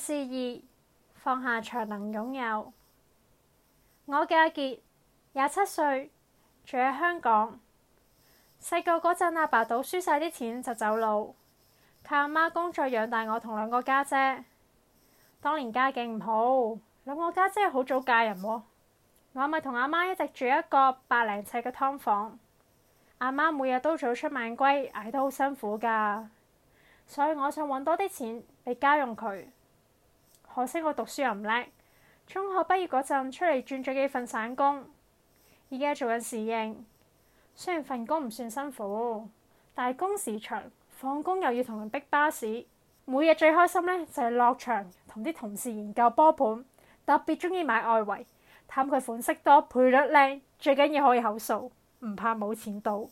事二放下才能擁有。我嘅阿杰，廿七歲，住喺香港。細個嗰陣，阿爸賭輸晒啲錢就走佬，靠阿媽工作養大我同兩個家姐，姐。當年家境唔好，兩個家姐好早嫁人喎、哦。我咪同阿媽一直住一個百零尺嘅劏房。阿媽，媽每日都早出晚歸，捱得好辛苦㗎。所以我想揾多啲錢畀家用佢。可惜我讀書又唔叻，中學畢業嗰陣出嚟轉咗幾份散工，而家做緊侍應。雖然份工唔算辛苦，但係工時長，放工又要同人逼巴士。每日最開心咧就係落場同啲同事研究波盤，特別中意買外圍，貪佢款式多、倍率靚，最緊要可以口數，唔怕冇錢賭。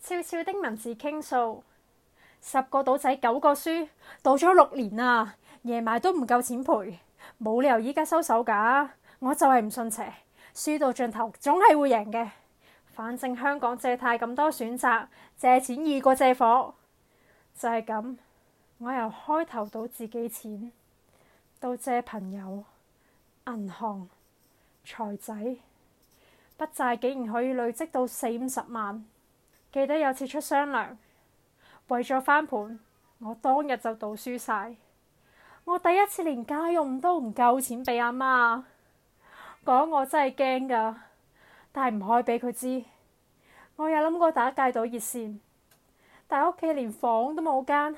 悄悄的文字傾訴，十個賭仔九個輸，賭咗六年啊！夜買都唔夠錢賠，冇理由依家收手噶。我就係唔信邪，輸到盡頭總係會贏嘅。反正香港借貸咁多選擇，借錢易過借火。就係咁，我由開頭賭自己錢，到借朋友、銀行、財仔，筆債竟然可以累積到四五十萬。記得有次出雙糧，為咗翻盤，我當日就賭輸晒。我第一次連家用都唔夠錢俾阿媽，講我真係驚㗎，但係唔可以俾佢知。我有諗過打戒賭熱線，但係屋企連房都冇間，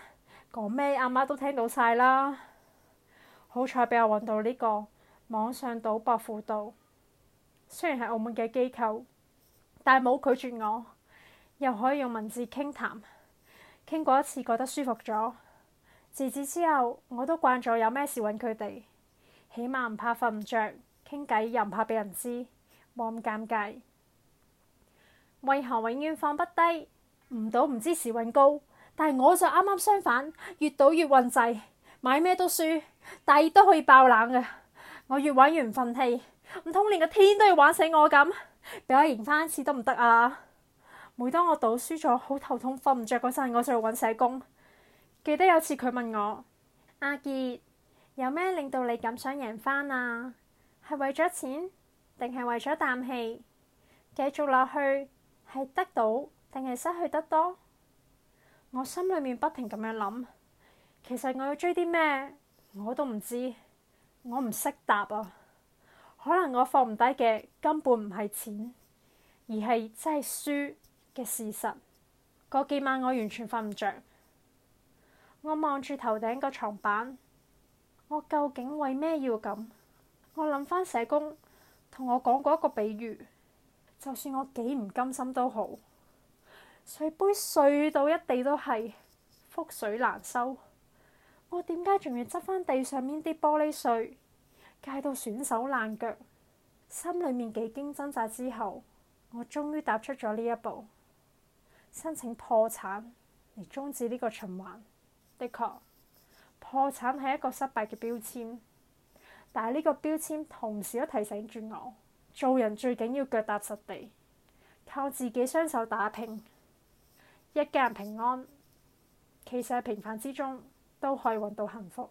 講咩阿媽都聽到晒啦。好彩俾我揾到呢個網上賭博輔導，雖然係澳門嘅機構，但係冇拒絕我，又可以用文字傾談，傾過一次覺得舒服咗。自此之後，我都慣咗有咩事揾佢哋，起碼唔怕瞓唔着，傾偈又唔怕俾人知，冇咁尷尬。為何永遠放不低？唔賭唔知時運高，但係我就啱啱相反，越賭越運滯，買咩都輸，但亦都可以爆冷嘅。我越玩越唔忿氣，唔通連個天都要玩死我咁？俾我贏翻一次得唔得啊？每當我賭輸咗，好頭痛，瞓唔着嗰陣，我就去揾社工。記得有次佢問我：阿杰，有咩令到你咁想贏返啊？係為咗錢定係為咗啖氣？繼續落去係得到定係失去得多？我心裏面不停咁樣諗，其實我要追啲咩我都唔知，我唔識答啊。可能我放唔低嘅根本唔係錢，而係真係輸嘅事實。嗰幾晚我完全瞓唔着。我望住頭頂個床板，我究竟為咩要咁？我諗翻社工同我講過一個比喻，就算我幾唔甘心都好，水杯碎到一地都係覆水難收。我點解仲要執翻地上面啲玻璃碎，界到損手爛腳？心裏面幾經掙扎之後，我終於踏出咗呢一步，申請破產嚟終止呢個循環。的確，破產係一個失敗嘅標籤，但係呢個標籤同時都提醒住我，做人最緊要腳踏實地，靠自己雙手打拼，一家人平安，其實喺平凡之中都可以揾到幸福。